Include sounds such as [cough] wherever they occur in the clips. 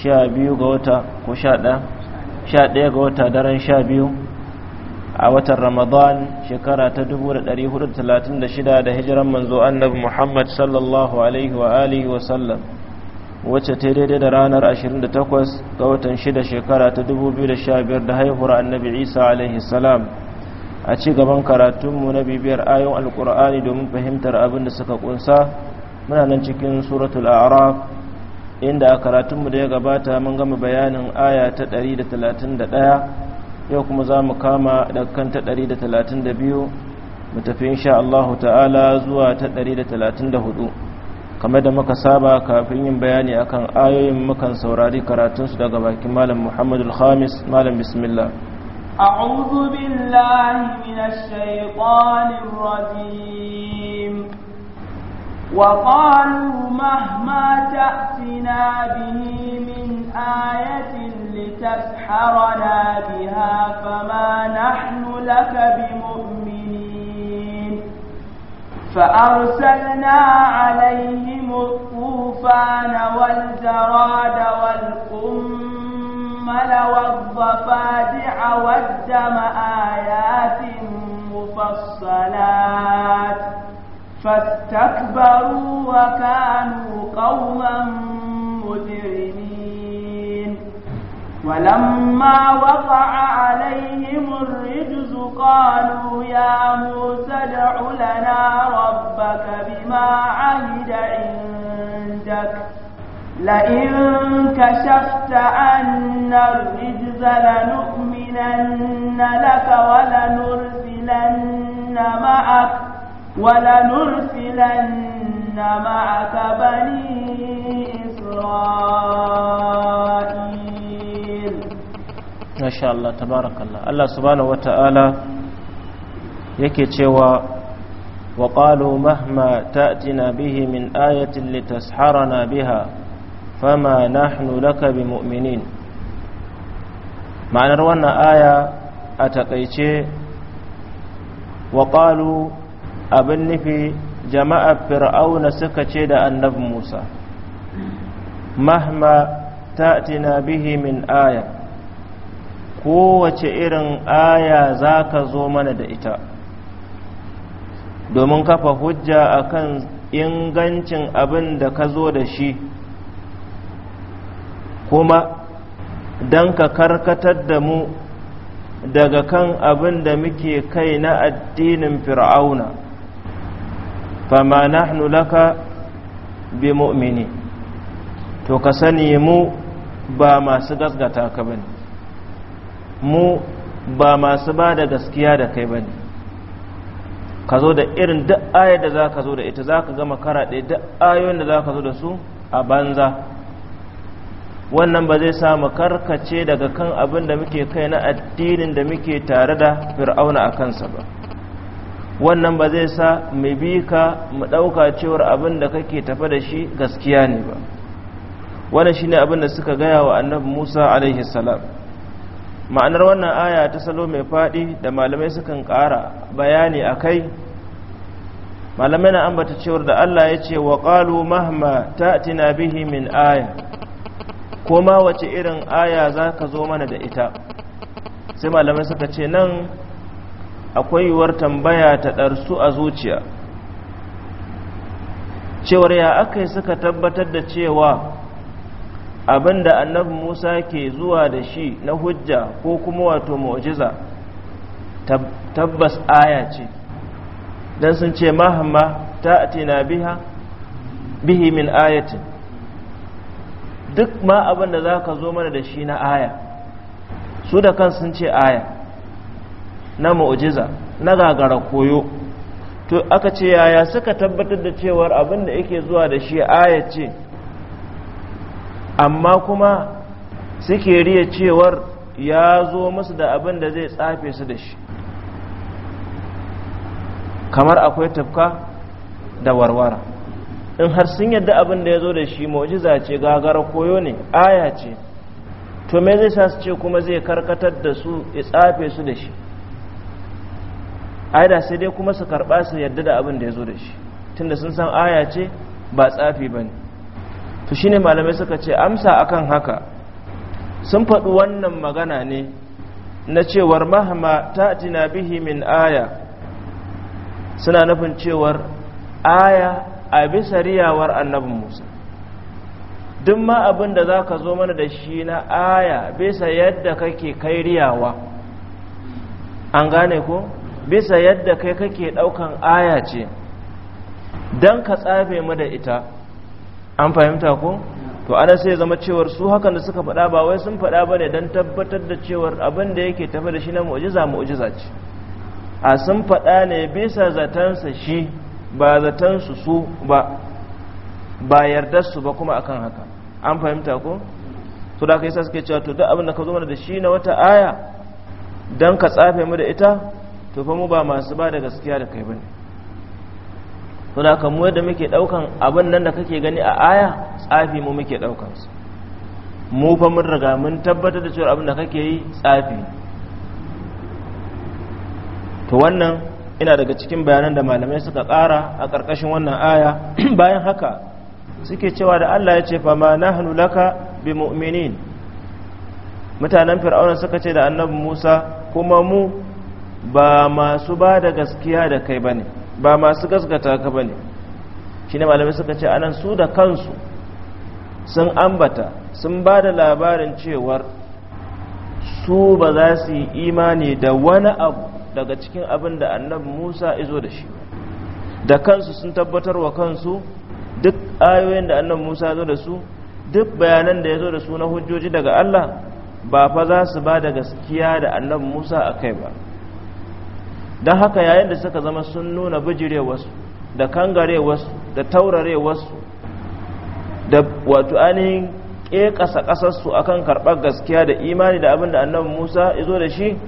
sha biyu ga wata ko sha ɗaya sha ɗaya ga wata daren sha biyu a watan ramadan shekara ta 1436 da hijiran manzo annabi muhammad sallallahu alaihi wa alihi wa sallam wacce ta daidai da ranar 28 ga watan 6 shekara ta 2015 da haihuwar annabi isa alaihi salam a ci gaban karatunmu na bibiyar ayon alkur'ani domin fahimtar abin da suka kunsa muna nan cikin suratul a'raf inda a karatunmu da ya gabata mun gama bayanin aya ta 131 yau kuma za mu kama da kan ta 132 mu tafi insha Allah ta'ala zuwa ta 134 kamar da muka saba kafin yin bayani akan ayoyin mukan saurari karatunsu daga bakin malam Muhammadul Khamis malam bismillah أعوذ بالله من الشيطان الرجيم وقالوا مهما تأتنا به من آية لتسحرنا بها فما نحن لك بمؤمنين فأرسلنا عليهم الطوفان والجراد والقمل والضفادع والدم آيات مفصلات فاستكبروا وكانوا قوما مجرمين ولما وقع عليهم الرجز قالوا يا موسى ادع لنا ربك بما عهد عندك لئن كشفت عنا الرجز لنؤمنن لك ولنرسلن معك ولنرسلن معك بني إسرائيل ما شاء الله تبارك الله الله سبحانه وتعالى yake cewa wa qalu mahma bihi min ayatin na biha fama nahnu laka bimu'minin ma'anar wannan aya a takaice wa qalu abin nufi jama'ar fir'auna suka ce da annabi musa mahma ta tina bihi min aya kowace irin aya za ka zo mana da ita domin kafa hujja akan ingancin abin da ka zo da shi kuma don ka karkatar da mu daga kan abin da muke kai na addinin fir'auna fama nahnu laka bi mu'mini to ka sani mu ba masu gasgata ka bane mu ba masu ba da gaskiya da kai bane ka zo da irin duk ayar da za ka zo da ita za ka gama kara ɗaya duk ayoyin da za ka zo da su a banza wannan ba zai samu karkace daga kan abin da muke kai na addinin da muke tare da fir'auna a kansa ba wannan ba zai sa mai bi ka mu ɗauka cewar abin da kake tafa da shi gaskiya ne ba wannan shi ne abin da suka gaya wa annabi Musa alaihi salam ma'anar wannan aya ta salo mai faɗi da malamai sukan ƙara bayani a kai malamai na ambata cewar da Allah ya ce wa ƙalu mahma tina bihi min aya ko ma wace irin aya za ka zo mana da ita sai malamai suka ce nan akwai yiwuwar tambaya ta ɗarsu a zuciya cewar ya aka yi suka tabbatar da cewa abin da annabi musa ke zuwa da shi na hujja ko kuma wato mu'jiza tabbas aya ce don sun ce mahamma ta atina biha bihi min ayatin duk ma abin da za ka zo mana da shi na aya su da kan sun ce aya na mu'jiza na gagara koyo to aka ce yaya suka tabbatar da cewar abin da yake zuwa da shi aya amma kuma suke riya cewar ya zo musu da abin da zai tsafe su da shi kamar akwai tafka da warwara in har sun yadda abin da ya zo da shi mu'jiza ce gagara koyo ne aya ce to me zai sa su ce kuma zai karkatar da su ya tsafe su da shi ai sai dai kuma su karɓa su yarda da abin da ya zo da shi tunda sun san aya ce ba tsafi ba ne to shine malamai suka ce amsa akan haka sun faɗi wannan magana ne na cewar mahama ta tina bihi min aya suna nufin cewar aya a bisa riyawar annabin musa duk ma abin da za ka zo mana da shi na aya bisa yadda kake kai riyawa an gane ko bisa yadda kai kake ɗaukan aya ce don ka tsabe mu da ita an fahimta ko to ana sai zama cewar su hakan da suka faɗa ba wai sun faɗa ba ne don tabbatar da cewar abin da yake tafi da shi na mu'jiza mu'jiza ce a sun faɗa ne bisa zatansa shi ba zatansu su ba ba yardar su ba kuma akan haka an fahimta ko to da ka yasa suke cewa to duk abin da ka zo mana da shi na wata aya don ka tsafe mu da ita to fa mu ba masu ba da gaskiya da kai bane to da kan mu yadda muke daukan abin nan da kake gani a aya tsafi mu muke daukan su mu fa mun riga mun tabbatar da cewa abin da kake yi tsafi to wannan ina daga cikin bayanan da malamai suka kara a karkashin wannan aya [clears throat] bayan haka suke cewa da Allah ya ce fa ma nahnu laka bi mu'minin mutanen fir'auna suka ce da annabi Musa kuma mu ba masu ba da gaskiya da kai ba ne ba masu gaskata ka ba ne shi ne malamai suka ce anan su da kansu sun ambata sun ba da labarin cewar su ba za su yi imani da wani abu daga cikin abin da annabi musa izo da shi da kansu sun tabbatar wa kansu duk ayoyin da annabi musa zo da su duk bayanan da ya zo da su na hujjoji daga allah ba fa za su ba da gaskiya da annabi musa a kai ba don haka yayin da suka zama sun nuna wasu da wasu da wasu da wato ainihin ƙeƙasa ƙasarsu kan karɓar gaskiya da imani da abin da annabi musa ya zo da shi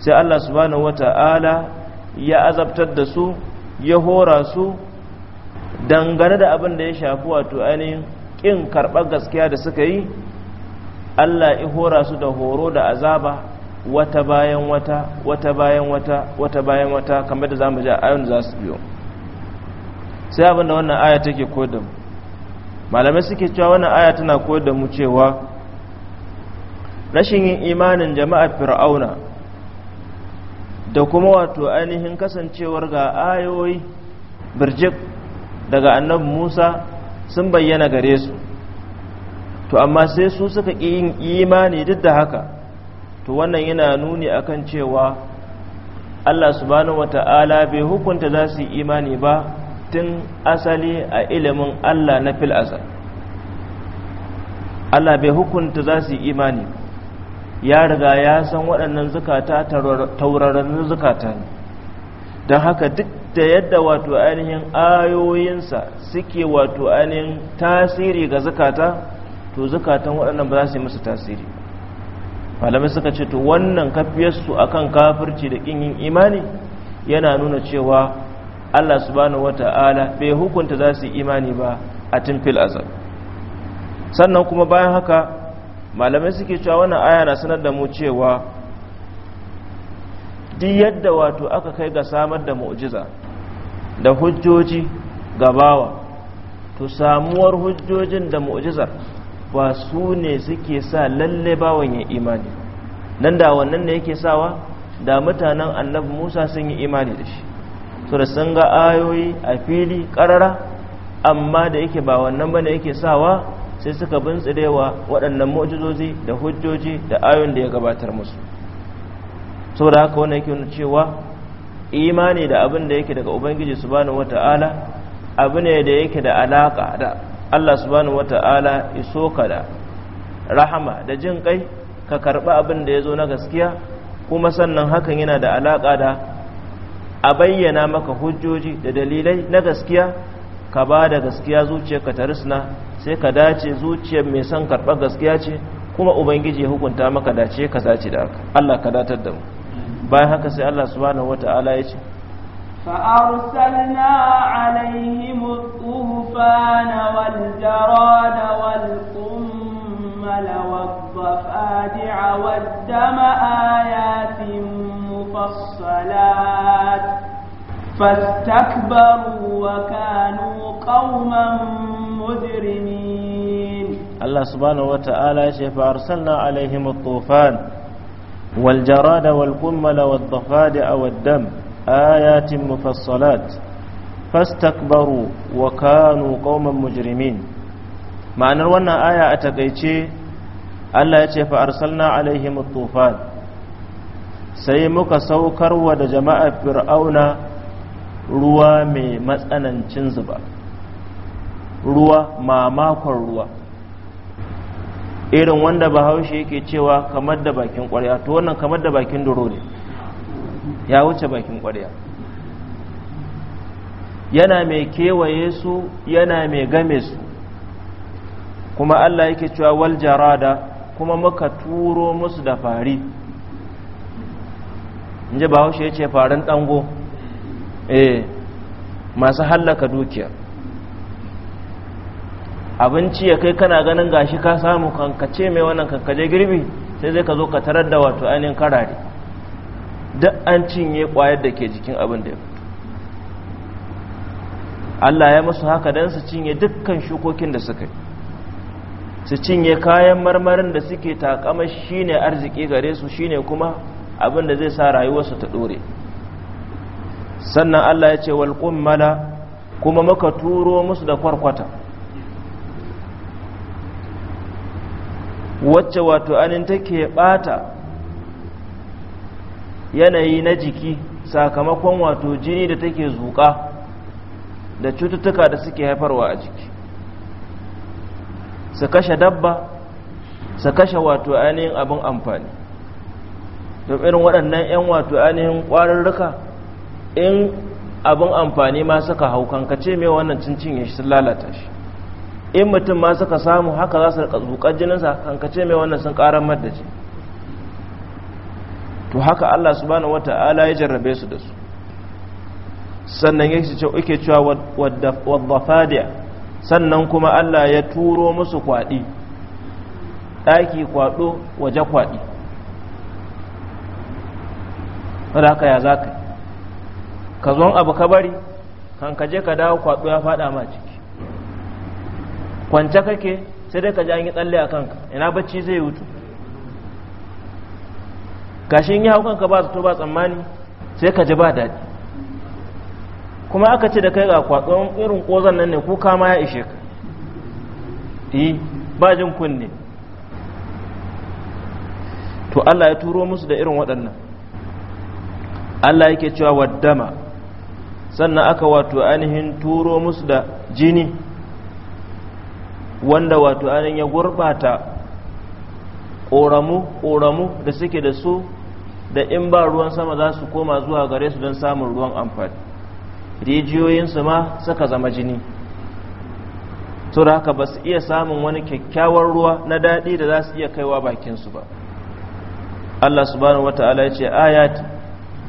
sai allah subhanahu wata'ala ya azabtar da su ya hora su dangane da abin da ya shafi wato ainihin ƙin karɓar gaskiya da suka yi allah ya hora su da horo da azaba wata bayan wata wata bayan wata wata bayan wata kamar da za mu ji ayon za su biyo sai abinda wannan aya take kodin. malamai suke cewa wannan aya tana kodin mu cewa rashin yin imanin jama'a fir'auna da kuma wato ainihin kasancewar ga ayoyi birjik daga annabi musa sun bayyana gare su to amma sai su suka ƙi yin imani duk da haka to wannan yana nuni akan cewa Allah subhanahu wata'ala bai hukunta za su yi imani ba tun asali a ilimin Allah na fil azal Allah bai hukunta za su yi imani ya riga ya san waɗannan zukata tauraron zukata ne don haka duk da yadda wato ainihin ayoyinsa suke wato ainihin tasiri ga zukata to zukatan waɗannan ba za su yi musu tasiri malamai suka ce to wannan kafiyarsu akan kafirci da kin yin imani yana nuna cewa Allah subhanahu wata'ala bai hukunta za su yi imani ba a fil azab sannan kuma bayan haka malamai suke cewa wannan aya na sanar da mu cewa duk yadda wato aka kai ga samar da mu'jiza da hujjoji gabawa to samuwar hujjojin da mu'jizar ba su ne suke sa lalle bawan ya imani nan da wannan ne yake sawa da mutanen annabi musa sun yi imani da shi su da sun ga ayoyi a fili karara amma da yake ba wannan bane yake sawa sai suka bintsirewa waɗannan mu'jizozi da hujjoji da ayoyin da ya gabatar musu da haka wannan yake nuna cewa imani da abin da yake daga ubangiji subhanahu wataala abu ne da yake da alaka da Allah subhanahu wata'ala iso ka da rahama da jin kai ka karɓi abin da ya zo na gaskiya kuma sannan hakan yana da alaka da a bayyana maka hujjoji da dalilai na gaskiya ka ba da gaskiya zuciyar ka tarisna sai ka dace zuciyar mai son karɓar gaskiya ce kuma ubangiji ya hukunta maka dace ka dace da Allah ka datar da mu bayan haka sai Allah subhanahu wata'ala ya ce فأرسلنا عليهم الطوفان والجراد والقمل والضفادع والدم آيات مفصلات فاستكبروا وكانوا قوما مجرمين الله سبحانه وتعالى فأرسلنا عليهم الطوفان والجراد والقمل والضفادع والدم آيات مفصلات فاستكبروا وكانوا قوما مجرمين معنى وانا آية أتقيتي Allah ya ce fa'arsalna alaihim tufan sai muka saukarwa da jama'ar fir'auna ruwa mai matsanancin zuba ruwa mamakon ruwa irin wanda bahaushe yake cewa kamar da bakin ƙwarya to wannan kamar da bakin duro ne ya wuce bakin kwarya yana mai kewaye su yana mai game su kuma Allah yake cewa wal jarada kuma muka turo musu da fari inji bahaushe ya ce farin dango eh masu hallaka dukiya abinci ya kai kana ganin gashi ka samu kankace mai wannan kankaje girbi sai zai ka zo ka tarar da wato ainihin karare duk an cinye kwayar da ke jikin abin da ya fito Allah ya musu haka don su cinye dukkan shukokin da suka yi su cinye kayan marmarin da suke takama shine arziki gare su shine kuma abin da zai sa rayuwarsu ta dore sannan Allah ya ce wal kummala kuma muka turo musu da kwarkwata wacce wato anin take bata yanayi na jiki sakamakon wato jini da take zuƙa da cututtuka da suke haifarwa a jiki su kashe dabba su kashe wato ainihin abin amfani don irin waɗannan 'yan wato ainihin ƙwararruka in abin amfani ma suka hau kankace mai wannan cincin ya sun lalata shi in mutum ma suka samu haka za su rika zuƙar jininsa kankace mai wannan sun ƙaran maddace to haka Allah subhanahu wata'ala ya jarrabe su da su sannan yake cewa wadda sannan kuma Allah ya turo musu kwaɗi ɗaki kwaɗo waje kwaɗi haka ya zaka ka ka abu ka bari kan ka je ka dawo kwaɗo ya faɗa ma ciki kwance kake sai dai ka ji an yi tsalle a kanka ina bacci zai wuce gashi in yi haukan ka ba zato ba tsammani sai ka ji ba daɗi kuma aka ce da kai ga kwatsan irin ƙozan nan ne kuka ma ya ishe ka yi eh, ba jin kunne to Allah ya turo musu da irin waɗannan Allah yake cewa waddama sannan aka wato ainihin turo musu da jini wanda wato ainihin ya gurbata ƙoramu ƙoramu da suke da su da in ba ruwan sama za su koma zuwa gare su don samun ruwan amfani rijiyoyinsu ma suka zama jini to da haka ba su iya samun wani kyakkyawar ruwa na daɗi da za su iya kaiwa bakinsu ba Allah subhanahu wata'ala ya ce ayat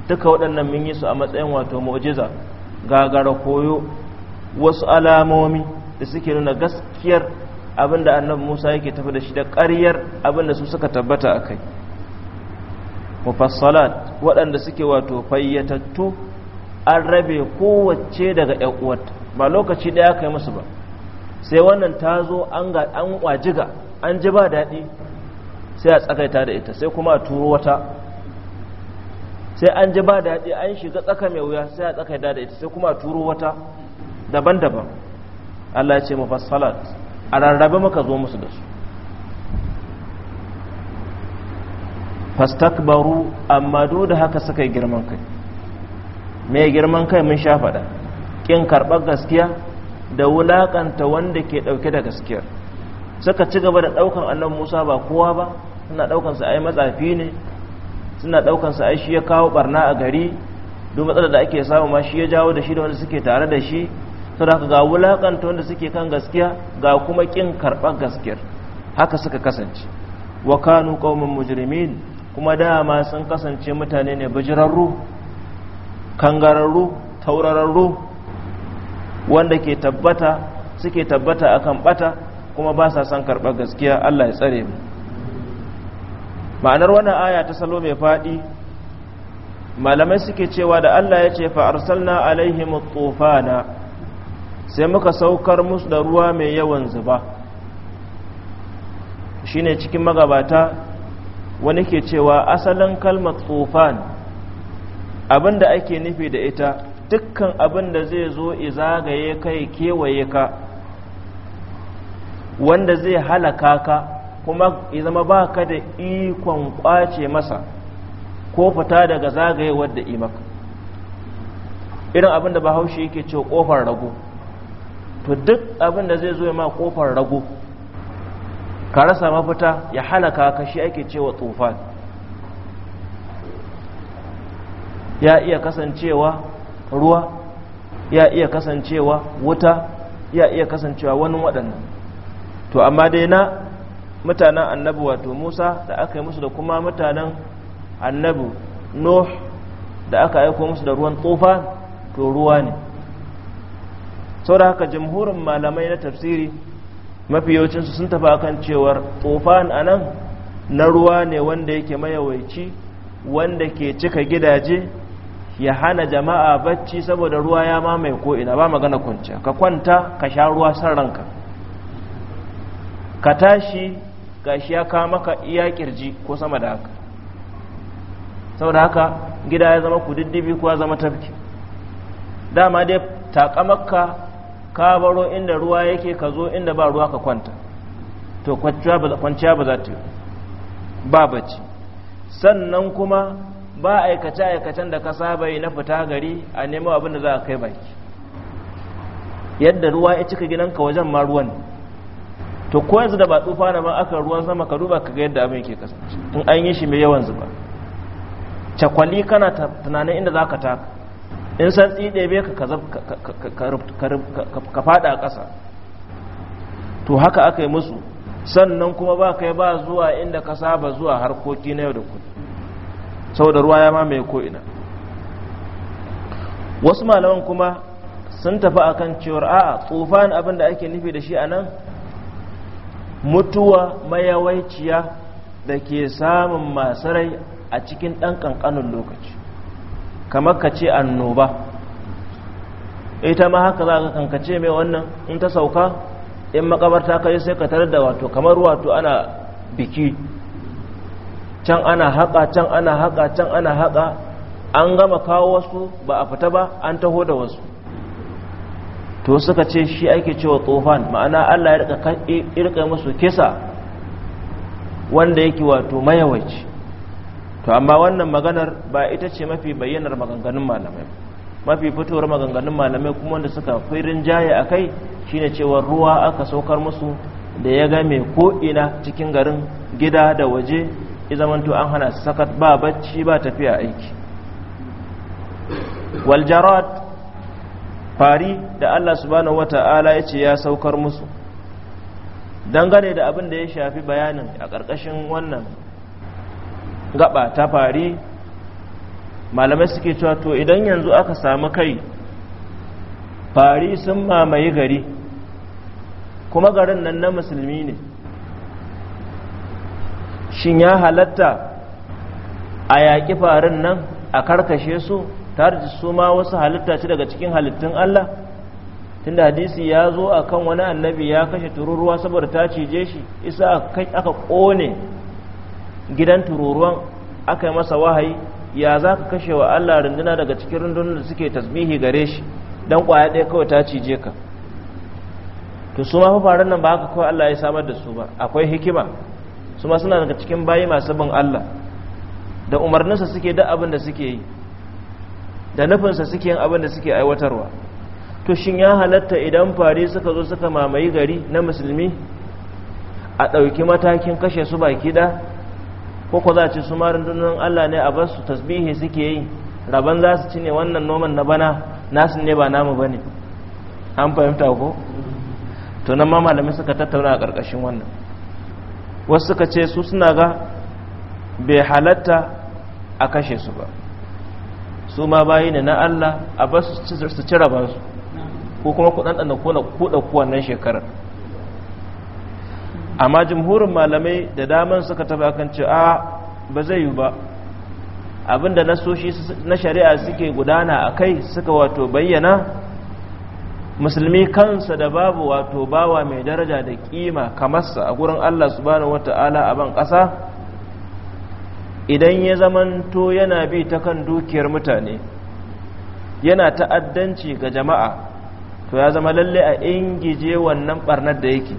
duka waɗannan mun yi su a matsayin wato mu'jiza gagara koyo wasu alamomi da suke nuna gaskiyar abinda annabi Musa yake tafi da shi da ƙaryar abinda su suka tabbata a kai mufassalat waɗanda suke wato fayyatattu an rabe kowace daga ƴan'uwarta ba lokaci ɗaya aka yi musu ba sai wannan ta zo an wajiga an ji ba daɗi sai a tsakaita da ita sai kuma a turo wata sai an ji ba daɗi an shiga tsaka mai wuya sai a tsakaita da ita sai kuma a turo wata daban-daban Allah ya ce mufassalat a rarrabe maka zo musu da su fastakbaru amma duk da haka suka yi girman kai mai girman kai mun sha faɗa ƙin karɓar gaskiya da wulaƙanta wanda ke ɗauke da gaskiyar suka ci gaba da ɗaukan annabi musa ba kowa ba suna ɗaukan su ai matsafi ne suna ɗaukan su ai shi ya kawo barna a gari duk matsalar da ake samu ma shi ya jawo da shi da wanda suke tare da shi da ga wulaƙanta wanda suke kan gaskiya ga kuma ƙin karɓar gaskiyar haka suka kasance wa kanu qauman mujrimin kuma dama sun kasance mutane ne bijirarru kangararru taurararru wanda ke tabbata suke tabbata akan bata kuma ba sa son karɓar gaskiya Allah ya tsare mu ma'anar wannan aya ta salo mai faɗi malamai suke cewa da Allah ya ce fa'arsalna alaihim tufana sai muka saukar musu da ruwa mai yawan zuba shine cikin magabata wani ke cewa asalin kalmar tsofan abin da ake nufi da ita dukkan abin da zai zo izagaye kai kewaye ka wanda zai halaka ka kuma zama ba ka da ikon kwace masa ko fita daga zagayewar da imaka irin abin da bahaushe yake ce kofar rago to duk abin da zai zo ma kofar rago ka rasa mafita ya halaka ka shi ake cewa tufan ya iya kasancewa ruwa ya iya kasancewa wuta ya iya kasancewa wani waɗannan to amma dai na mutanen annabu wato musa da aka yi musu da kuma mutanen Annabu nuh da aka aiko musu da ruwan tsofa to ruwa ne sau da haka jamhurin malamai na tafsiri mafi mafiyocinsu sun tafi kan cewar tufan a nan na ruwa ne wanda yake mayawaici wanda ke cika gidaje ya hana jama'a bacci saboda ruwa ya mamaye ko'ina ba magana kwanciya ka kwanta ka sha ruwa san ranka ka tashi shi ya kama ka iya kirji ko sama da haka saboda haka gida ya zama diddibi ko ya zama tafki dama dai takamakka ka baro inda ruwa yake ka zo inda ba ruwa ka kwanta to kwanciya ba za ta yi ba bacci sannan kuma ba aikace-aikacen da ka saba yi na fita gari a nemo abin da za a kai baki yadda ruwa ya cika ka wajen ma ruwan to ko yanzu da ba tsufa da ma aka ruwan sama ka duba ka ga yadda abin ke kasance in an yi shi mai yawan zuba cakwali kana tunanin inda za ka taka in san ɗebe ka ka fada a ƙasa to haka aka yi musu sannan kuma ba kai ba zuwa inda ka saba zuwa harkoki na yau da Sau saboda ruwa ya mamaye ko'ina wasu malaman kuma sun tafi akan cewar a'a tsofan abin da ake nufi da shi a nan mutuwa mayawaiciya da ke samun masarai a cikin ɗan ƙanƙanin lokaci kamar ka ce annoba ita ma haka za ka kankace mai wannan in ta sauka in makabarta ka yi sai ka tarar da wato kamar wato ana biki can ana haƙa can ana haƙa can ana haƙa an gama kawo wasu ba a fita ba an taho da wasu to suka ce shi ake cewa tsofan ma'ana allah ya rika musu kisa wanda yake wato mayawaci to amma wannan maganar ba ita ce mafi bayyanar maganganun malamai mafi fitowar maganganun malamai kuma wanda suka fi rinjaye a kai shine cewa ruwa aka saukar musu da ya game ina cikin garin gida da waje izamanto an hana sakat ba bacci ba tafiya aiki waljarat fari da allah subhanahu wata'ala ya ce ya saukar musu dangane da abin da ya shafi bayanin a ƙarƙashin wannan gaba ta fari malamai suke cewa to idan yanzu aka samu kai fari sun mamaye gari kuma garin nan na musulmi ne shin ya halatta a yaƙi farin nan a karkashe su tare da su ma wasu halitta ce daga cikin halittun Allah tunda hadisi ya zo akan wani annabi ya kashe tururuwa saboda ta cije shi isa aka ƙone gidan tururuwan aka yi masa wahayi ya za ka kashe wa Allah rinduna daga cikin rundunar da suke tasbihi gare shi don kwaya ɗaya kawai ta cije ka to su ma fafaran nan ba haka kawai Allah ya samar da su ba akwai hikima su ma suna daga cikin bayi masu bin Allah da umarninsa suke da abin da suke yi da nufinsa suke yin abin da suke aiwatarwa to shin ya halatta idan fari suka zo suka mamaye gari na musulmi a ɗauki matakin kashe su baki da ko ko za a ce su ma rundunar Allah ne a basu tasbihi suke yi rabon za su ci ne wannan noman na bana nasu ne ba namu ba ne an fahimta ko to nan ma malamai suka tattauna a ƙarƙashin wannan wasu suka ce su suna ga bai halatta a kashe su ba su ma bayi ne na Allah a basu su ci rabansu ko kuma ku ɗanɗana da kuwa nan shekarar amma jimhurin malamai da daman suka taba kan ce a ba zai yi ba abinda nasoshi na shari'a suke gudana a kai suka wato bayyana musulmi kansa da babu wato bawa mai daraja da kima kamarsa a gurin allah subhanahu wata'ala a ban ƙasa idan ya zamanto yana bi ta kan dukiyar mutane yana ta'addanci ga jama'a to ya zama lalle a ingije wannan barnar da yake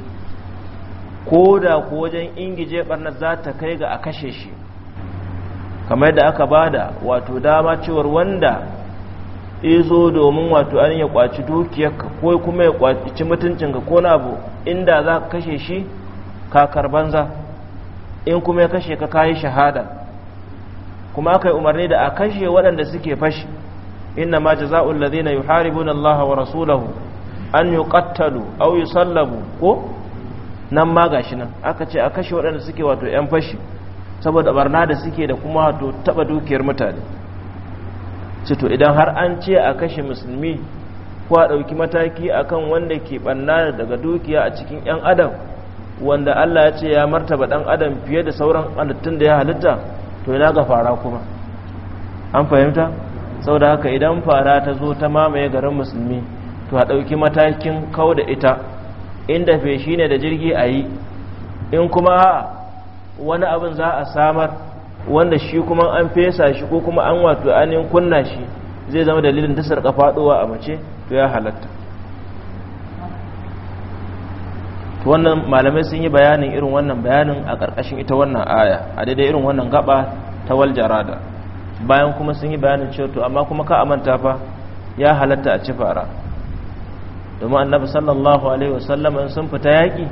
ko da ko wajen ingije barnar za ta kai ga a kashe shi kamar yadda aka da wato dama cewar wanda izo domin wato an ya kwaci ka ko kuma ya kwaci mutuncinka ko na abu inda za ka kashe shi kakar banza in kuma ya kashe ka kayi shahada kuma aka yi umarni da a kashe waɗanda suke fashi inna ma jaza'ul ladhina yuharibuna Allah wa rasulahu an yuqattalu aw yusallabu ko nan ma gashi nan aka ce a kashe waɗanda suke wato 'yan fashi saboda barna da suke da kuma wato taɓa dukiyar mutane ce to idan har an ce a kashe musulmi ko a ɗauki mataki akan wanda ke ɓanna daga dukiya a cikin 'yan adam wanda allah ya ce ya martaba ɗan adam fiye da sauran halittun da ya halitta to ina ga fara kuma an fahimta saboda haka idan fara ta zo ta mamaye garin musulmi to a ɗauki matakin kau da ita inda feshi ne da jirgi a yi in kuma wani abin za a samar wanda shi kuma an fesa shi ko kuma an wato anin kunna shi zai zama dalilin ta sarka faɗowa a mace to ya halatta wannan malamai sun yi bayanin irin wannan bayanin a ƙarƙashin ita wannan aya a daidai irin wannan gaba ta waljarada bayan kuma sun yi bayanin cewa to amma kuma ka manta fa ya halatta a ci fara domin annabi sallallahu alaihi wasallam sun fita yaƙi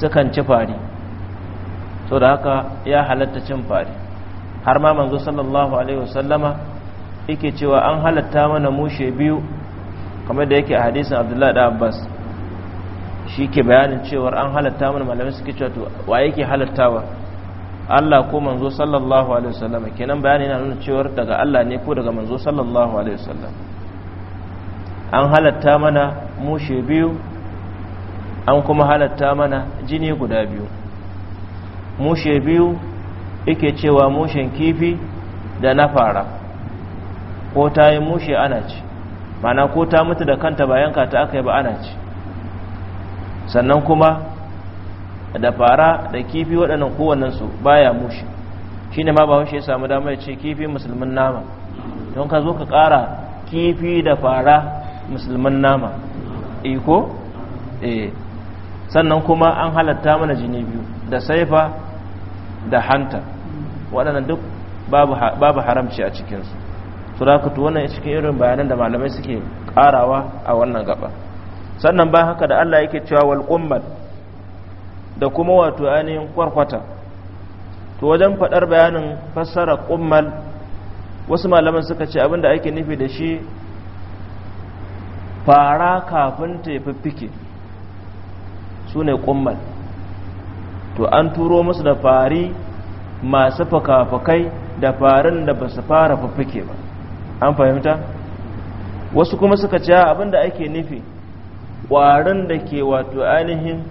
sukan ci fari to da haka ya halatta cin fari har ma manzo sallallahu alaihi wasallama yake cewa an halatta mana mushe biyu kamar da yake a hadisin abdullahi da abbas shi ke bayanin cewar an halatta mana malamai suke cewa to wa yake halattawa Allah ko manzo sallallahu alaihi wasallama kenan bayani yana nuna cewar daga Allah ne ko daga manzo sallallahu alaihi wasallama an halatta mana mushe biyu an kuma halatta mana jini guda biyu mushe biyu ike cewa mushen kifi da na fara ko ta yi mushe ana ci mana ko ta mutu da kanta bayan ka ta aka yi ba ana ci sannan kuma da fara da kifi waɗannan kowannensu baya mushe shi ne ma ba ya samu damar ce kifi musulmin nama don ka zo ka ƙara kifi da fara musulman nama iko eh, e eh, sannan kuma an halatta mana jini biyu da saifa da hanta waɗannan duk babu haramci a cikinsu su wannan cikin irin bayanan da malamai suke karawa a wannan gaba sannan ba haka da allah yake cewa walƙummar da kuma wato ainihin kwarkwata to wajen faɗar bayanin fassara ƙummal wasu malaman suka ce abinda ake nufi da shi fara kafin ta fiffike su ne kummal to an turo musu da fari masu fakafakai da farin da ba su fara fiffike ba an fahimta wasu kuma suka ce abinda ake nufi ƙwarin da ke wato ainihin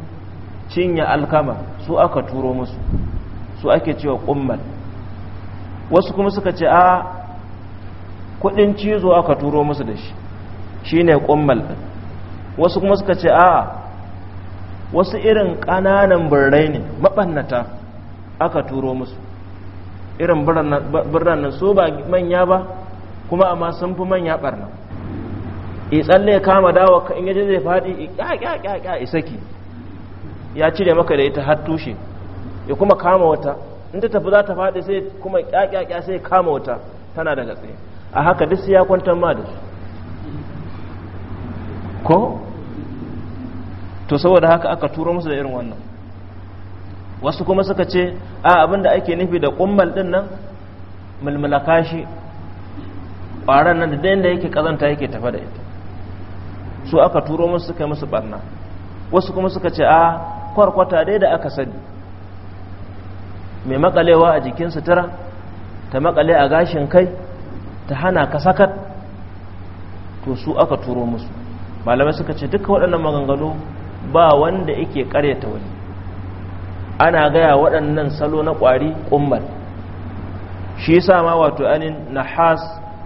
cinye alkama su aka turo musu su ake cewa kummal wasu kuma suka ce a kudin cizo aka turo musu da shi shine kummal din wasu kuma suka ce a'a wasu irin ƙananan birrai ne mabannata aka turo musu irin birran nan su ba manya ba kuma amma sun fi manya barna e tsalle ya kama dawa ka in yaje zai faɗi ya isaki ya cire maka da ita har tushe ya kuma kama wata in ta tafi za ta faɗi sai kuma ƙyaƙyaƙya sai kama wata tana daga tsaye a haka duk sai ya kwantar ma da su ko to saboda haka aka turo musu da irin wannan wasu kuma suka ce a abinda ake nufi da kummal din nan mulmulaka shi ƙwaron nan da dayan da yake kazanta yake tafa da ita su aka turo musu suka yi musu barna wasu kuma suka ce a kwarkwata dai da aka sani mai makalewa a jikin sutura ta makale a gashin kai ta hana ka sakat to su aka turo musu malamai suka ce duka waɗannan maganganu ba wanda yake karyata wani ana gaya waɗannan salo na ƙwari ƙummal shi sa ma wato anin nahas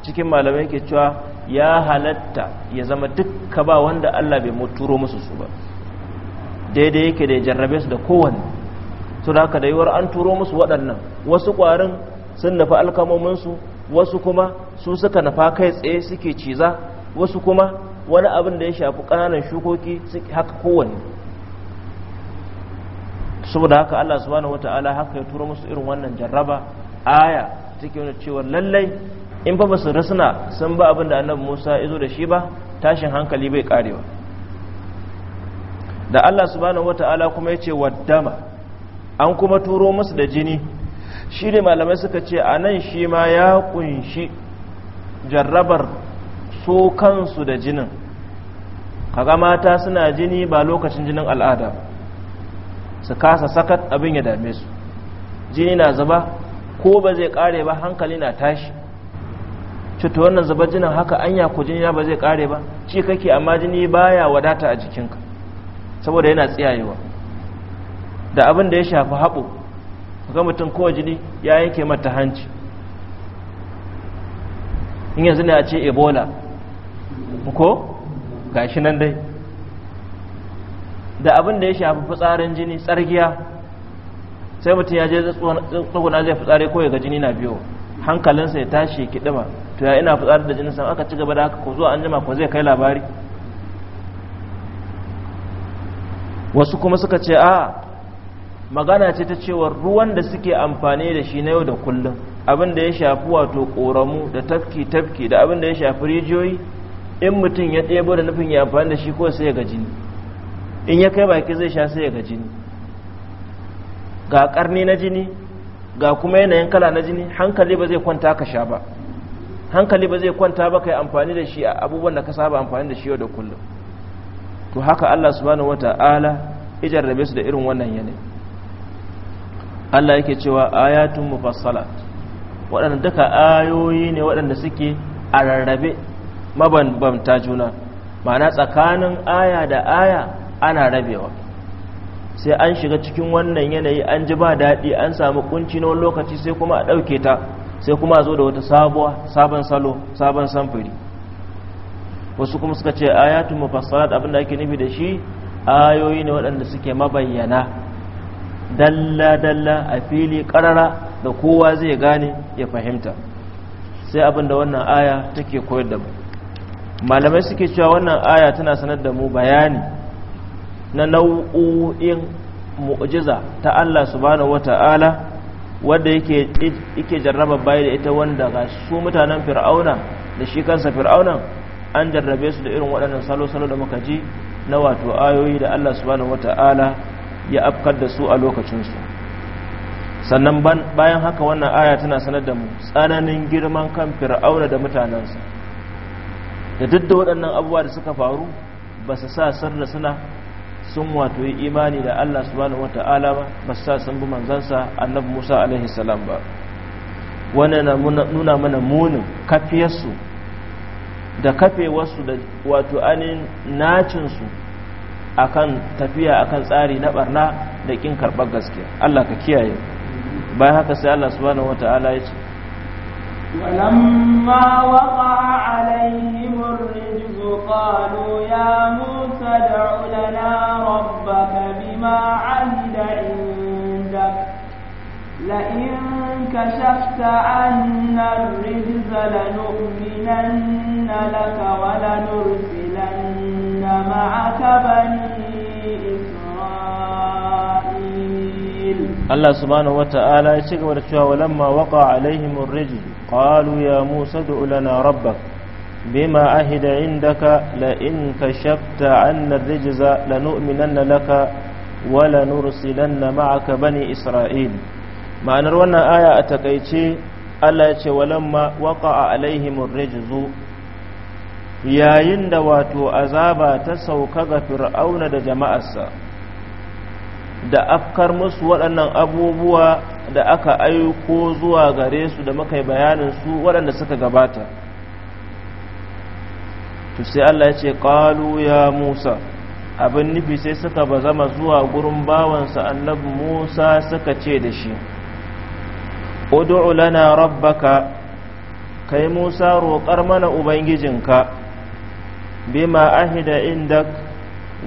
cikin malamai ke cewa ya halatta ya zama dukka ba wanda Allah bai muturo musu su ba daidai yake da ya jarrabe su da kowane to da haka da yiwuwar an turo musu waɗannan wasu ƙwarin sun nafi alkamominsu wasu kuma su suka nafa kai tsaye suke ciza wasu kuma wani abin da ya shafi ƙananan shukoki haka kowanne saboda haka Allah subhanahu wata'ala haka ya tura musu irin wannan jarraba aya take wani cewa lallai in ba basu rasna sun ba abin da annabi Musa ya zo da shi ba tashin hankali bai karewa da Allah subhanahu wata'ala kuma ya ce waddama an kuma turo musu da jini shi ne malamai suka ce a nan shi ma ya kunshi jarrabar so kansu da jinin kaga mata suna jini ba lokacin jinin al'ada su kasa sakat abin ya dame su jini na zuba ko ba zai kare ba hankali na tashi cuta wannan zuba jinin haka anya ku jini ba zai kare ba ci kake amma jini baya wadata a jikinka saboda yana tsiyayewa da abin da ya shafi haɓo ga mutum kowa jini ya yanke mata hanci in yanzu ne a ce ebola ko gashi nan dai da abin da ya shafi fitsarin jini tsargiya sai mutum ya je tsoguna zai fitsari ko ya ga jini na biyo hankalinsa ya tashi ya kidima to ya ina fitsari da jini san aka ci gaba da haka ko zuwa an jima ko zai kai labari wasu kuma suka ce a magana ce ta cewa ruwan da suke amfani da shi na yau da kullum abin da ya shafi wato ƙoramu da tafki tafki da abin da ya shafi rijiyoyi in mutum ya ɗebo da nufin ya amfani da shi ko sai ga jini in ya kai baki zai sha sai ya ga jini ga ƙarni na jini ga kuma yanayin kala na jini hankali ba zai kwanta ka sha ba hankali ba zai kwanta ba kai amfani da shi a abubuwan da ka saba amfani da shi yau da kullum to haka Allah subhanahu wata'ala ya jarrabe su da irin wannan yanayi Allah yake cewa ayatun mufassalat waɗanda duka ayoyi ne waɗanda suke a rarrabe mabambanta juna ma'ana tsakanin aya da aya ana rabewa sai an shiga cikin wannan yanayi an ji ba daɗi an samu kunci na wani lokaci sai kuma a ɗauke ta sai kuma a zo da wata sabuwa sabon salo sabon samfuri wasu kuma suka ce ayatu mufassalat abinda ake nufi da shi ayoyi ne waɗanda suke mabayyana dalla dalla a fili ƙarara da kowa zai gane ya fahimta sai abinda wannan aya take koyar da mu malamai suke cewa wannan aya tana sanar da mu bayani na nau'o'in mu'jiza ta Allah subhanahu wata'ala wanda yake yake jarraba bai da ita wanda ga su mutanen fir'auna da shi kansa fir'aunan an jarrabe su da irin waɗannan salo-salo da muka ji na wato ayoyi da Allah subhanahu wata'ala ya afkar da su a lokacinsu sannan bayan haka wannan aya tana sanar da mu tsananin girman kan fir'auna da mutanensa da duk da waɗannan abubuwa da suka faru ba su sa da suna sun wato yi imani da Allah subhanahu ta'ala ba ba sa sun bi manzansa annabi Musa alaihi salam ba wannan na nuna mana munin kafiyarsu da kafewarsu da wato anin nacinsu akan tafiya akan tsari na barna da kin karɓar gaskiya Allah ka kiyaye bayan haka sai Allah subhanahu ta'ala ya ce ولما وقع عليهم الرجز قالوا يا موسى ادع لنا ربك بما عهد عندك لئن كشفت عنا الرجز لنؤمنن لك ولنرسلن معك بني Allah subhanahu wata'ala ya ci gaba da cewa walamma waqa alaihim ar qalu ya Musa ad'u lana rabbak bima ahida indaka la in kashafta 'anna ar-rijza lanu'minanna laka wa lanursilanna ma'aka bani Isra'il ma'anar wannan aya a takaice Allah ya ce walamma waqa alaihim ar yayin da wato azaba ta sauka ga fir'auna da jama'arsa da afkar musu waɗannan abubuwa da aka aiko zuwa gare su da makai bayanin su waɗanda suka gabata to sai Allah ya ce qalu ya Musa abin nufi sai suka bazama zuwa gurin bawansa annabi Musa suka ce da shi ud'u lana rabbaka kai Musa roƙar mana ubangijinka bima ahida indak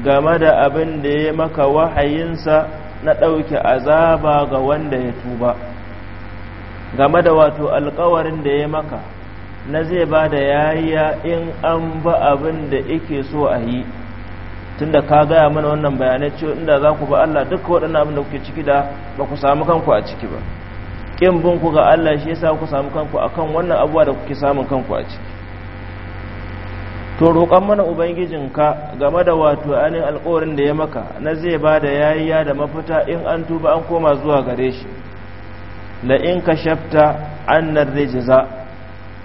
game da abin da ya maka wahayinsa na ɗauke azaba ga wanda ya tuba game da wato alkawarin da ya maka na zai ba da yayya in an ba abin da ike so a yi tunda ka gaya mana wannan bayanai cewa inda za ku ba Allah duka waɗannan abin da kuke ciki da ba ku samu kanku a ciki ba ƙin bin ku ga Allah shi yasa ku samu kanku akan wannan abuwa da kuke samun kanku a ciki to roƙon mana ubangijinka game da wato ainihin alƙawarin da ya maka na zai ba da yayiya da mafita in an tuba an koma zuwa gare shi la in ka shafta annar rijza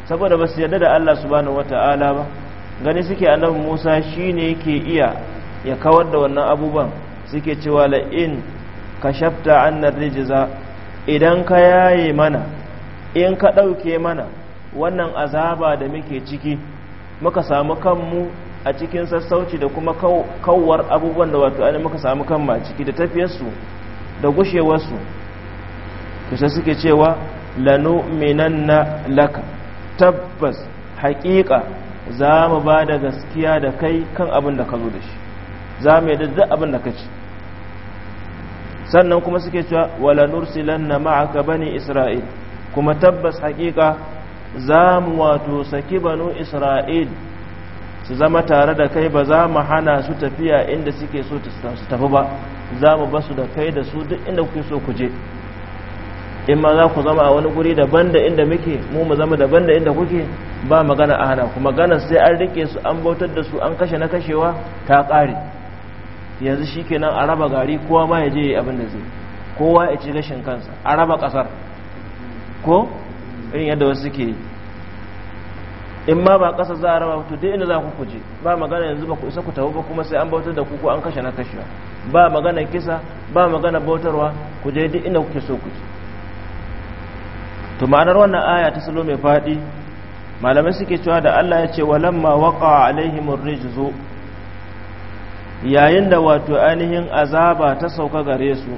saboda ba su yarda da Allah subhanahu wata'ala ba gani suke annabi Musa shi ne yake iya ya kawar da wannan abubuwan suke cewa la in ka shafta annar rijza idan ka yaye mana in ka ɗauke mana wannan azaba da muke ciki muka samu kanmu a cikin sassauci da kuma kawar abubuwan da wato ainihin muka samu kanmu a ciki da tafiyarsu da gushewarsu kusa suke cewa lanu minanna laka tabbas haƙiƙa za mu ba da gaskiya da kai kan abin da ka zo da shi za mu yadda duk abin da ka ci sannan kuma suke cewa wala nursilanna ma'aka bani isra'il kuma tabbas haƙiƙa za mu wato saki banu isra'il su zama tare da kai ba za mu hana su tafiya inda suke so su tafi ba za mu ba su da kai da su duk inda kuke so ku je in ma za ku zama a wani guri daban da inda muke mu mu zama daban da inda kuke ba magana a hana ku magana sai an rike su an bautar da su an kashe na kashewa ta ƙare yanzu shikenan a raba gari kowa ma ya je abin da zai kowa ya ci gashin kansa a raba ƙasar ko irin yadda wasu suke yi in ma ba ƙasa za a raba to duk inda za ku kuje ba magana yanzu ba ku isa ku tafi ba kuma sai an bautar da ku ko an kashe na kashewa ba magana kisa ba magana bautarwa ku je duk inda kuke so ku je to ma'anar wannan aya ta salo mai faɗi malamai suke cewa da Allah ya ce walamma waqa alaihimur rijzu yayin da wato ainihin azaba ta sauka gare su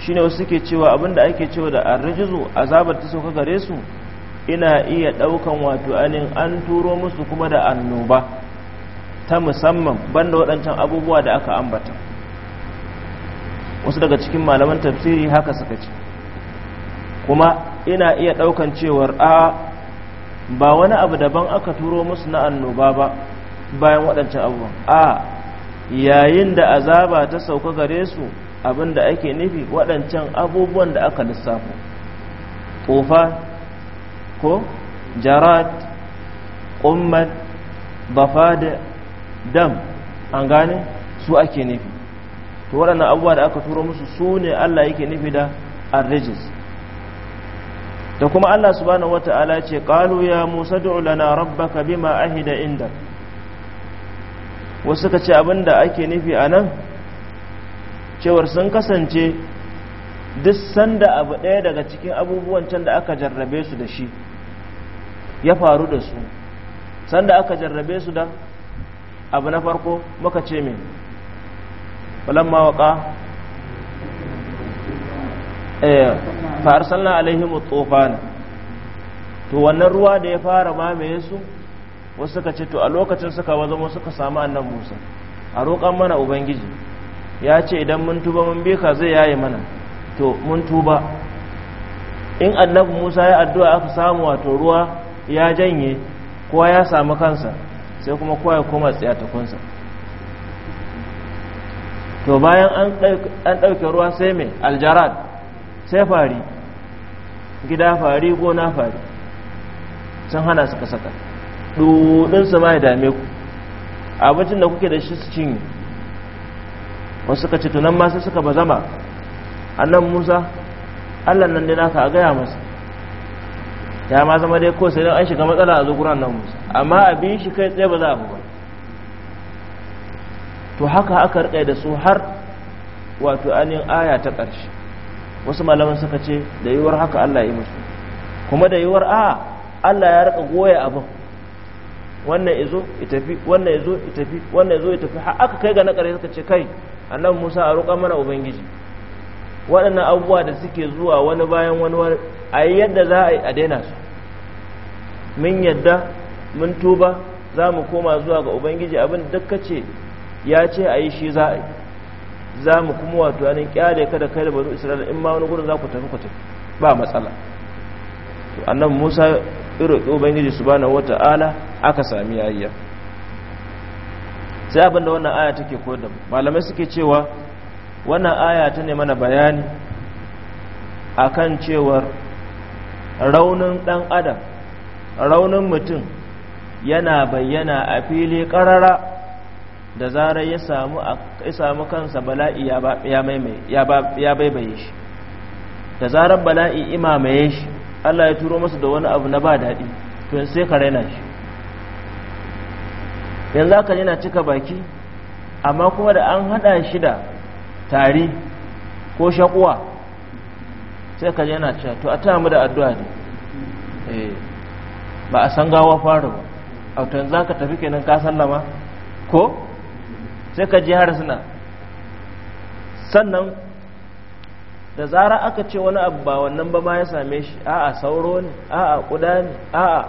shine wasu suke cewa abinda ake cewa da arrijizu azabar ta sauka gare su ina iya daukan wato anin an turo musu kuma da annoba ta musamman banda waɗancan abubuwa da aka ambata wasu daga cikin malaman tafsiri haka suka ce kuma ina iya ɗaukan cewar a ba wani abu daban aka turo musu na annoba ba bayan waɗancan abubuwa a yayin da azaba ta sauka gare su abin da ake nufi waɗancan abubuwan da aka lissafo ƙofa ko jarat ƙummar bafa da dam an gane su ake nufi to waɗannan abubuwa da aka turo musu su ne allah yake nufi da arrijis da kuma allah subhanahu ta'ala ce ƙalu ya musa lana rabbaka bima ahida inda wasu ka ce abin ake nufi a nan cewar sun kasance duk sanda abu ɗaya daga cikin abubuwan can da aka jarrabe su da shi ya faru da su sanda aka jarrabe su da abu na farko muka ce mai falamma waka eh, fa'arsalna alaihimu tsofana to wannan ruwa da ya fara mamaye su wasu suka ce to a lokacin suka wazamo suka samu annan musa a roƙon mana ubangiji ya ce idan mun tuba mun bi ka zai yaye mana to mun tuba in annabi musa ya addu'a aka samu wato ruwa ya janye kowa ya samu kansa sai kuma kowa ya koma tsayatakunsa to bayan an ɗauke ruwa sai mai aljarad sai fari gida fari gona fari sun hana suka saka dudun ma ya dame ku abincin da kuke da shi su cinye wasu suka ce tunan ma sai suka bazama annan musa allah nan dai naka a gaya masa ya ma zama dai ko sai an shiga matsala a zukuran nan musa amma abin shi kai tsaye ba za a ba to haka aka rike da su har wato anin aya ta ƙarshe wasu malaman suka ce da yiwuwar haka allah yi musu kuma da yiwuwar a allah ya rika goya abin wannan izo ya tafi wannan izo ya tafi wannan izo ya tafi har aka kai ga na ƙarshe suka ce kai annabi Musa a roƙa mana ubangiji waɗannan abubuwa da suke zuwa wani bayan wani a yi yadda za a daina su mun yadda mun tuba za mu koma zuwa ga ubangiji abin dukka ce ya ce a yi shi za a yi za mu kuma wato yanin kyale kada kai da bazu isra'ila in ma wani gurin za ku tafi ku tafi ba matsala annabi musa irin ubangiji subhanahu wata'ala aka sami yayya sai abinda wannan aya take koyar da malamai suke cewa wannan aya ta ne mana bayani akan cewar raunin dan adam raunin mutum yana bayyana a fili karara da zarar ya samu ya samu kansa bala'i ya baibaye shi da zarar bala'i imamaye shi Allah ya turo masa da wani abu na ba daɗi to sai ka raina shi yanzu haka yana cika baki amma kuma da an hada shi da tari ko shakuwa sai ka yana cewa to a tamu da addu'a ne eh, ba a san gawa faru ba a to yanzu haka tafi kenan ka sallama ko sai ka ji har suna sannan da zara aka ce wani abu ba wannan ba ma ya same shi a'a sauro ne a'a kuda ne a'a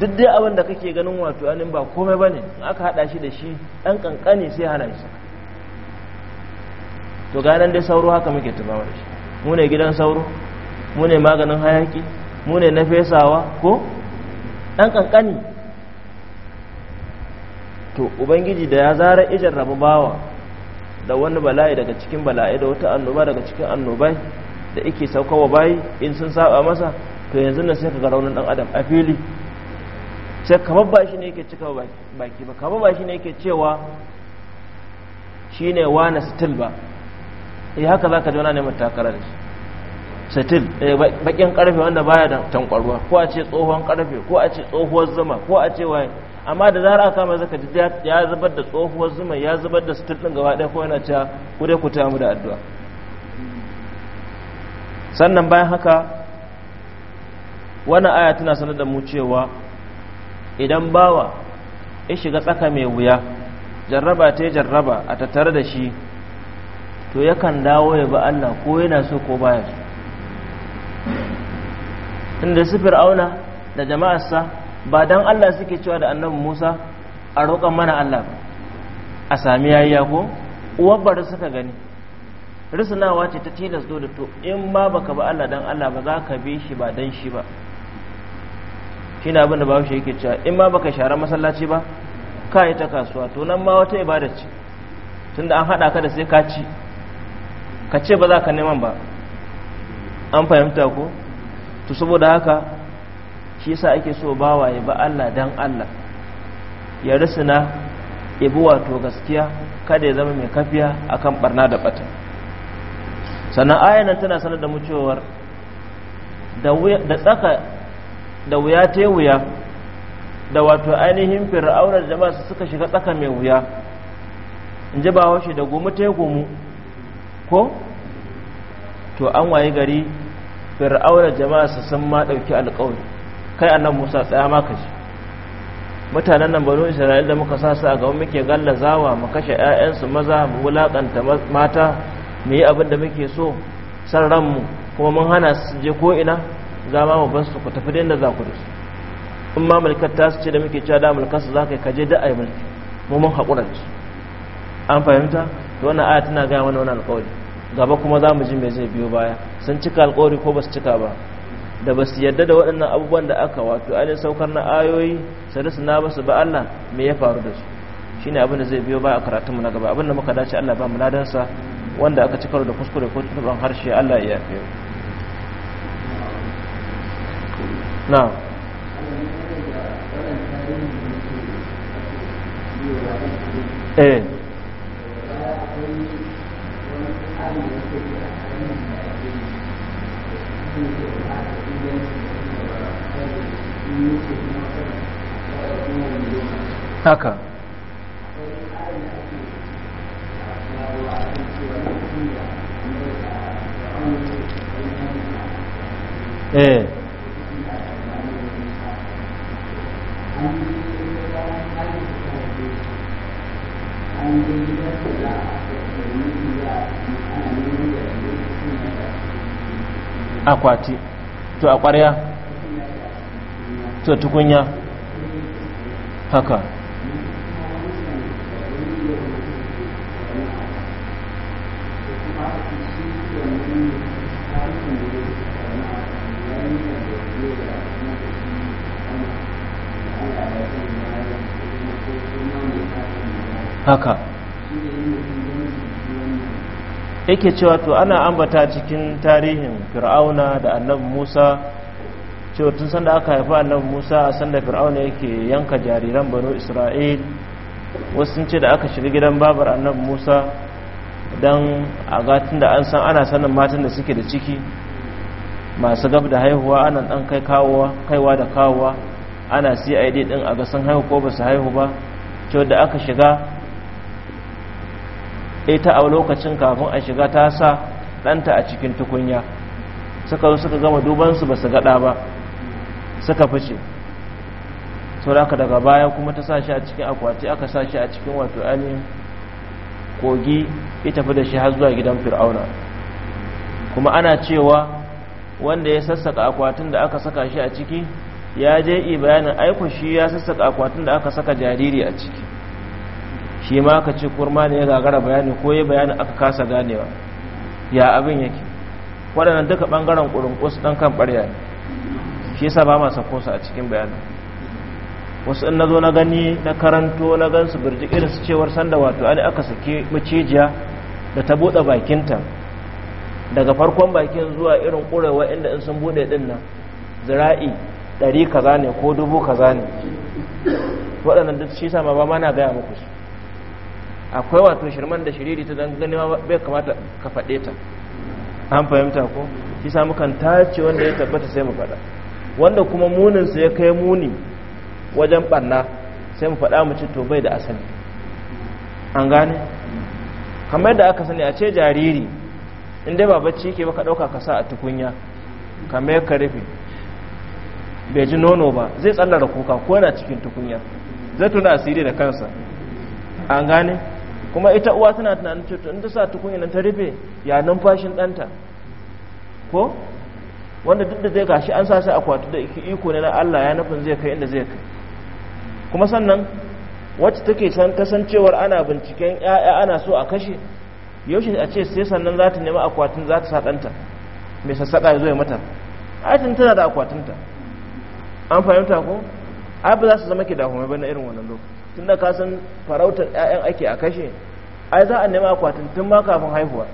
duk dai abin da kake ganin wato anin ba komai bane in aka haɗa shi da shi ɗan ƙanƙani sai hana shi to ganin dai sauro haka muke tuba wa shi mu ne gidan sauro mu ne maganin hayaki mu ne na fesawa ko ɗan ƙanƙani to ubangiji da ya zara ijar rabu bawa da wani bala'i daga cikin bala'i da wata annoba daga cikin annobai da ike saukawa bayi in sun saba masa to yanzu na sai ka ga raunin ɗan adam a fili sai kamar ba shi ne yake cika baki ba kamar ba shi ne yake cewa shi ne wane still ba eh haka za ka jona neman takara da shi still eh, bakin karfe wanda baya da tankwarwa ko a ce tsohon karfe ko a ce tsohuwar zama ko a ce waye amma da zara aka mai zaka ji ya zubar da tsohuwar zuma ya zubar da still din gaba ɗaya ko yana cewa ku dai ku tamu da addu'a sannan bayan haka wannan aya tana sanar da mu cewa idan bawa ya shiga tsaka mai wuya jarraba ta yi jarraba a tattare da shi to yakan dawo ya ba Allah ko yana so ko baya su. inda su fir'auna da jama'arsa ba dan Allah suke cewa da annabi Musa a roƙon mana Allah ba a sami ya ko uwar bari suka gani risinawa ce ta tilas dole to in ma baka ba Allah dan Allah ba za ka bi shi ba don shi ba shi na abin da babu shi yake cewa in ma baka share masallaci ba ka yi ta kasuwa to nan ma wata ibada ce tunda an haɗa ka da sai ka ci ka ce ba za ka neman ba an fahimta ko to saboda haka shi yasa ake so ba waye ba Allah dan Allah ya risina ya wato gaskiya kada ya zama mai kafiya akan barna da bata sannan ayanan tana sanar da mu cewa da tsaka da wuya ta wuya da wato ainihin fir'aunar jama'a su suka shiga tsaka mai wuya in ji ba washe da gumu ta gumu ko to an waye gari fir'aunar jama'a su sun ma ɗauki alkawari kai annan musa tsaya maka ji mutanen nan banu isra'il da muka sa su a gaban muke gallazawa mu kashe 'ya'yansu maza mu wulaƙanta mata mu yi abin da muke so san ranmu kuma mun hana su je ko ina za ma ban su ku tafi da yadda za ku da su in ma mulkar ta su ce da muke cewa da mulkar su za ka kaje da yi mulki mu mun haƙura da su an fahimta to wannan aya tana gaya mana wani alƙawari gaba kuma za mu ji me zai biyo baya sun cika alƙawari ko ba su cika ba da ba su yadda da waɗannan abubuwan da aka wato ainihin saukar na ayoyi su na ba su ba Allah me ya faru da su shine abin da zai biyo ba a karatunmu na gaba abin da muka dace Allah ba mu ladansa wanda aka cikar da kuskure ko tuntuban harshe Allah ya yafe na eh haka eh akwati to a ƙwarya to tukunya haka haka yake cewa to ana ambata cikin tarihin fir'auna da annabi musa cewa tun sanda aka haifi annabi musa a sanda fir'auna yake yanka jariran banu isra'il wasu sun ce da aka shiga gidan babar annabi musa don a gatun da an san ana sanin matan da suke da ciki masu gab da haihuwa ana dan kai kawowa kaiwa da kawowa ana cid din a gasan haihu ko ba su haihu ba to da aka shiga ita a lokacin kafin a shiga ta sa ɗanta a cikin tukunya suka zo suka gama dubansu ba su gaɗa ba suka fice aka daga baya kuma ta sa shi a cikin akwati aka sa shi a cikin wato ainihin kogi ya tafi da shi har zuwa gidan fir'auna kuma ana cewa wanda ya sassaka akwatin da aka saka shi a ciki ya je yi bayanin aiko shi ya sassaka akwatin da aka saka jariri a ciki shi ma aka ce kurma ne ya gagara bayani ko ya bayani aka kasa ganewa ya abin yake waɗannan duka ɓangaren ƙusa ɗan kan ɓarya ne shi yasa ba masa ƙusa a cikin bayanin wasu in na zo na gani na karanto na gansu birji irin su cewar sanda wato ani aka saki macijiya da ta buɗe bakinta daga farkon bakin zuwa irin ƙurewa inda in sun buɗe ɗin nan zira'i ɗari kaza ne ko dubu kaza ne waɗannan duk shi sama ba mana gaya muku su akwai wato shirman da shiriri ta don ganewa bai kamata ka faɗe ta an fahimta ko shi samu kan tace wanda ya tabbata sai mu faɗa wanda kuma muninsa ya kai muni wajen ɓanna sai mu faɗa mu ci to bai da asali an gane kamar da aka sani a ce jariri inda ba bacci yake baka ɗauka ka sa a tukunya kamar ka rufe bai ji nono ba zai tsallara kuka ko yana cikin tukunya zai tuna asiri da kansa an gane kuma ita uwa tana tunanin ce in ta sa tukunya nan ta rufe ya numfashin ɗanta ko wanda duk da zai gashi an sa shi akwati da iko ne na Allah ya nufin zai kai inda zai kai kuma sannan wacce take san kasancewar ana binciken ya'ya ana so a kashe yaushe a ce sai sannan za ta nemi akwatin za ta sa ɗanta mai sassaƙa ya zo ya mata aitin tana da akwatinta an fahimta ko ai ba za su zama kidahumai ba na irin wannan lokaci tun da ka san farautar ƴaƴan ake a kashe ai za a nema akwatin tun ma kafin haihuwa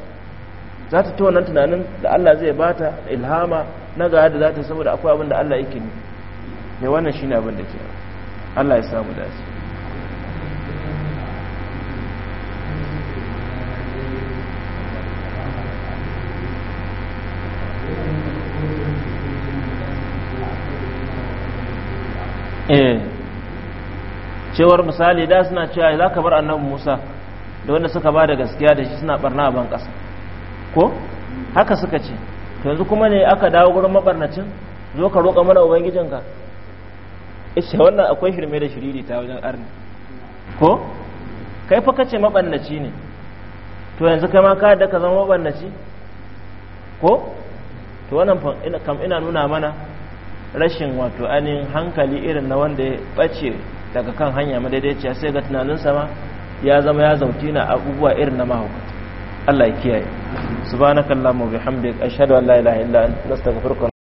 za ta ta wannan tunanin da Allah zai bata ilhama na ga da za ta saboda akwai abin da Allah yake ne mai wannan shine abin da ke Allah ya samu dace cewar misali da suna cewa za ka bar annabi musa da wanda suka ba da gaskiya da shi suna barna a ban ƙasa ko haka suka ce to yanzu kuma ne aka dawo gurin mabarnacin zo ka roƙa mana ubangijinka ishe wannan akwai shirme da shiriri ta wajen arni ko kai fa kace mabarnaci ne to yanzu kai ma ka da ka zama mabarnaci ko to wannan kam ina nuna mana rashin wato ainihin hankali irin na wanda ya bace. daga kan hanya madaidaiciya sai ga tunaninsa ma ya zama ya zauti na abubuwa irin na mahaukata Allah ya kiyaye subhanakallahumma bihamdika ashhadu an la ilaha illa anta astaghfiruka